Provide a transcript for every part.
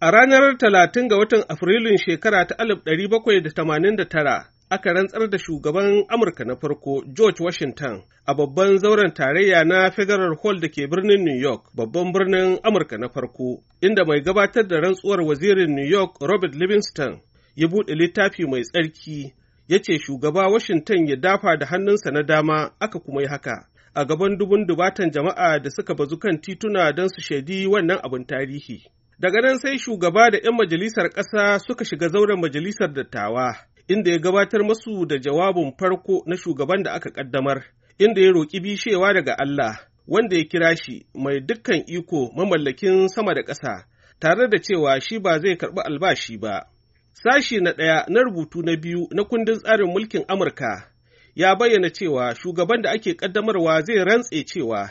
A ranar talatin ga watan Afrilun shekara ta alif ɗari bakwai da tamanin da tara, aka rantsar da shugaban Amurka na farko George Washington a babban zauren tarayya na Federal Hall da ke birnin New York, babban birnin Amurka na farko, inda mai gabatar da rantsuwar wazirin New York Robert Livingston ya buɗe littafi mai tsarki ya ce shugaba Washington ya dafa da hannunsa na dama aka kuma yi haka. A gaban dubun dubatan jama'a da suka bazu kan tituna don su shaidi wannan abin tarihi. Daga nan sai shugaba da ‘yan majalisar ƙasa suka shiga zauren majalisar dattawa, inda ya gabatar masu da jawabin farko na shugaban da aka ƙaddamar, inda ya roƙi bishewa daga Allah, wanda ya kira shi mai dukkan iko mamallakin sama da ƙasa, tare da cewa shi ba zai karɓi albashi ba. Sashi na ɗaya na rubutu na biyu na kundin tsarin mulkin Amurka ya bayyana cewa shugaban da ake ƙaddamarwa zai rantse cewa,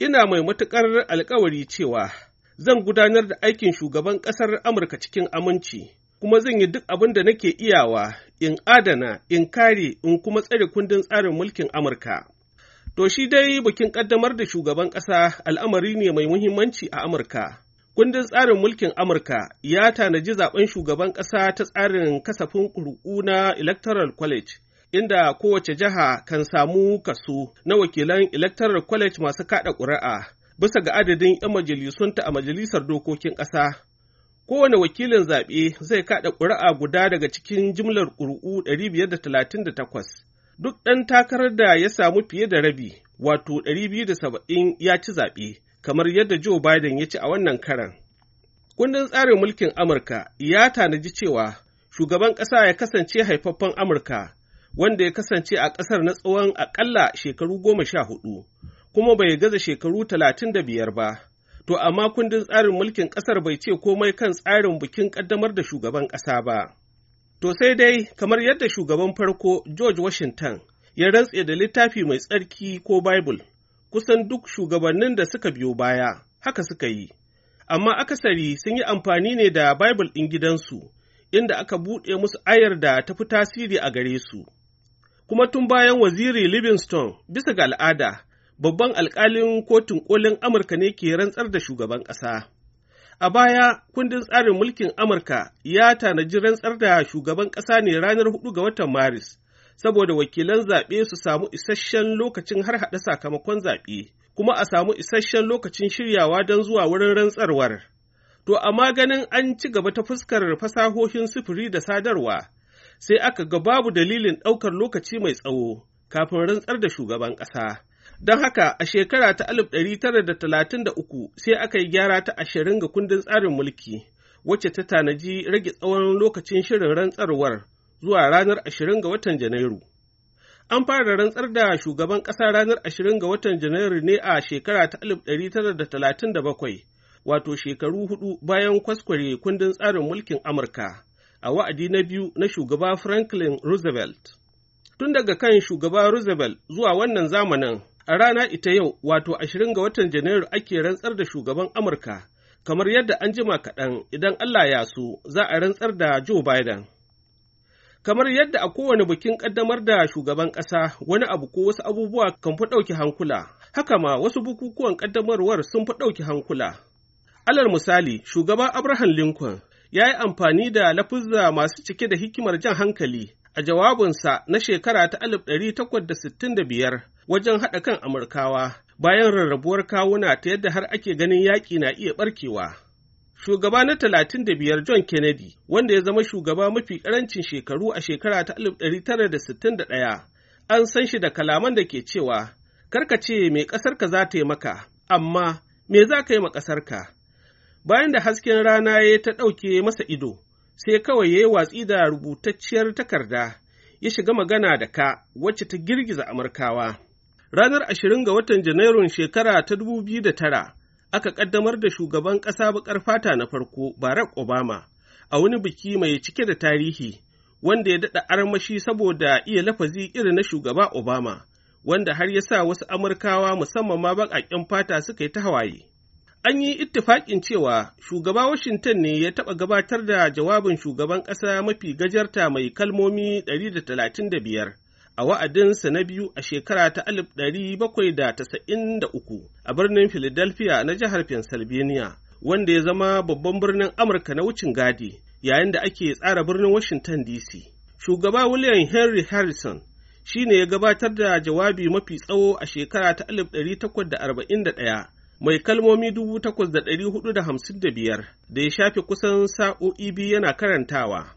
ina mai matuƙar alkawari cewa. zan gudanar da aikin shugaban ƙasar Amurka cikin aminci, kuma zan yi duk abin da nake iyawa in adana, in kare, in kuma tsare kundin tsarin mulkin Amurka. To shi dai bikin ƙaddamar da shugaban ƙasa al'amari ne mai muhimmanci a Amurka. Kundin tsarin mulkin Amurka ya tanaji zaben shugaban ƙasa ta tsarin kasafin ƙuri'u na Electoral College, inda kowace jiha kan samu kaso na wakilan Electoral College masu kaɗa ƙuri'a. bisa ga adadin 'yan majalisunta a majalisar dokokin ƙasa. Kowane wakilin zaɓe zai kaɗa ƙuri'a guda daga cikin jimlar ƙuri'u 538. Duk ɗan takarar da ya samu fiye da rabi, wato 270 ya ci zaɓe, kamar yadda Joe Biden ya ci a wannan karan. Kundin tsarin mulkin Amurka ya tanaji cewa shugaban ƙasa ya kasance haifaffen Amurka, wanda ya kasance a ƙasar na tsawon aƙalla shekaru goma sha hudu. kuma bai gaza shekaru talatin da biyar ba. To amma kundin tsarin mulkin ƙasar bai ce komai kan tsarin bikin ƙaddamar da shugaban ƙasa ba. To sai dai kamar yadda shugaban farko George Washington ya rantse da littafi mai tsarki ko Bible, kusan duk shugabannin da suka biyo baya haka suka yi. Amma akasari sun yi amfani ne da Bible ɗin gidansu, inda aka buɗe musu ayar da ta fi tasiri a gare su. Kuma tun bayan waziri Livingstone bisa ga al'ada babban alkalin kotun kolin Amurka ne ke rantsar da shugaban ƙasa. A baya, kundin tsarin mulkin Amurka ya tanaji rantsar da shugaban ƙasa ne ranar 4 ga watan Maris, saboda wakilan zaɓe su samu isasshen lokacin har haɗa sakamakon zaɓe, kuma a samu isasshen lokacin shiryawa don zuwa wurin rantsarwar. To, amma ganin an ci gaba ta fuskar fasahohin sufuri da sadarwa, sai aka ga babu dalilin ɗaukar lokaci mai tsawo kafin rantsar da shugaban ƙasa. Don haka a shekara ta 1933 sai aka yi gyara ta ashirin ga kundin tsarin mulki, wacce ta tanaji rage tsawon lokacin shirin rantsarwar zuwa ranar ashirin ga watan Janairu. An fara rantsar da shugaban ƙasa ranar ashirin ga watan Janairu ne a shekara ta 1937, wato shekaru hudu bayan kwaskware kundin tsarin mulkin Amurka, a wa'adi na biyu na shugaba Franklin Roosevelt. Tun daga kan shugaba Roosevelt zuwa wannan zamanin, A rana ita yau, wato ashirin ga watan Janairu ake rantsar da shugaban Amurka, kamar yadda an jima kaɗan idan Allah ya so za a rantsar da Joe Biden. Kamar yadda a kowane bikin ƙaddamar da shugaban ƙasa wani abu ko wasu abubuwa kan fi ɗauki hankula, haka ma wasu bukukuwan ƙaddamarwar sun fi ɗauki hankula. Alal misali, shugaban Abraham Lincoln ya yi amfani da lafuzza masu cike da hikimar jan hankali a jawabinsa na shekara ta alif ɗari takwas da da sittin biyar. wajen haɗa kan Amurkawa bayan rarrabuwar kawuna ta yadda har ake ganin yaƙi na iya ɓarkewa. Shugaba na talatin da biyar John Kennedy, wanda ya zama shugaba mafi ƙarancin shekaru a shekara ta ɗaya, an san shi da kalaman da ke cewa, Karka ce mai ƙasarka za ta yi maka, amma me za ka yi ma ƙasarka? Bayan da hasken rana ya ta ɗauke masa ido, sai kawai ya yi watsi da rubutacciyar takarda, ya shiga magana da ka wacce ta girgiza Amurkawa. Ranar ashirin ga watan Janairun shekara ta dubu biyu da tara aka ƙaddamar da shugaban ƙasa baƙar fata na farko Barack Obama a wani biki mai cike da tarihi wanda ya daɗa armashi saboda iya lafazi irin na shugaba Obama wanda har ya sa wasu Amurkawa musamman ma baƙaƙen fata suka yi ta hawaye. An yi ittifaƙin cewa shugaba Washington ne ya taɓa gabatar da jawabin shugaban ƙasa mafi gajarta mai kalmomi ɗari da da talatin biyar. a wa'adinsa na biyu a shekara ta 1793 a birnin Philadelphia na jihar Pennsylvania, wanda ya zama babban birnin Amurka na wucin gadi yayin da ake tsara birnin Washington DC. Shugaba William Henry Harrison shi ne ya gabatar da jawabi mafi tsawo a shekara ta 1841 mai kalmomi dubu 8,455 da ya shafe kusan sa'o'i biyu yana karantawa.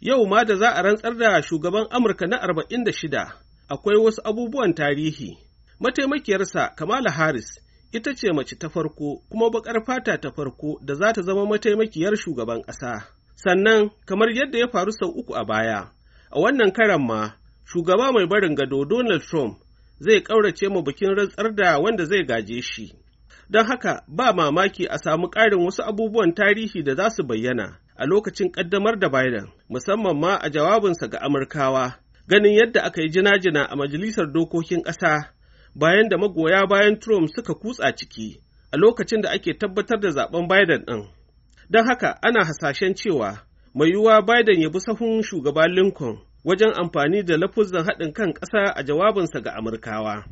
Yau ma da za a rantsar da shugaban Amurka na arba'in da shida, akwai wasu abubuwan tarihi. Mataimakiyarsa Kamala Harris ita ce mace ta farko kuma baƙar fata ta farko da za ta zama mataimakiyar shugaban ƙasa. Sannan, kamar yadda ya faru sau uku a baya, a wannan karan ma, shugaba mai barin gado Donald Trump zai ƙaurace ma bikin rantsar da wanda zai gaje shi. Don haka ba mamaki a samu ƙarin wasu abubuwan tarihi da za su bayyana a lokacin ƙaddamar da Biden. musamman ma a jawabinsa ga Amurkawa, ganin yadda aka yi jina-jina a Majalisar Dokokin Ƙasa bayan da magoya bayan Trump suka kutsa ciki a lokacin da ake tabbatar da zaben Biden ɗin. Don haka ana hasashen cewa mai yiwuwa Biden ya bi sahun shugaba Lincoln wajen amfani da lafuzan haɗin kan ƙasa a jawabinsa ga Amurkawa.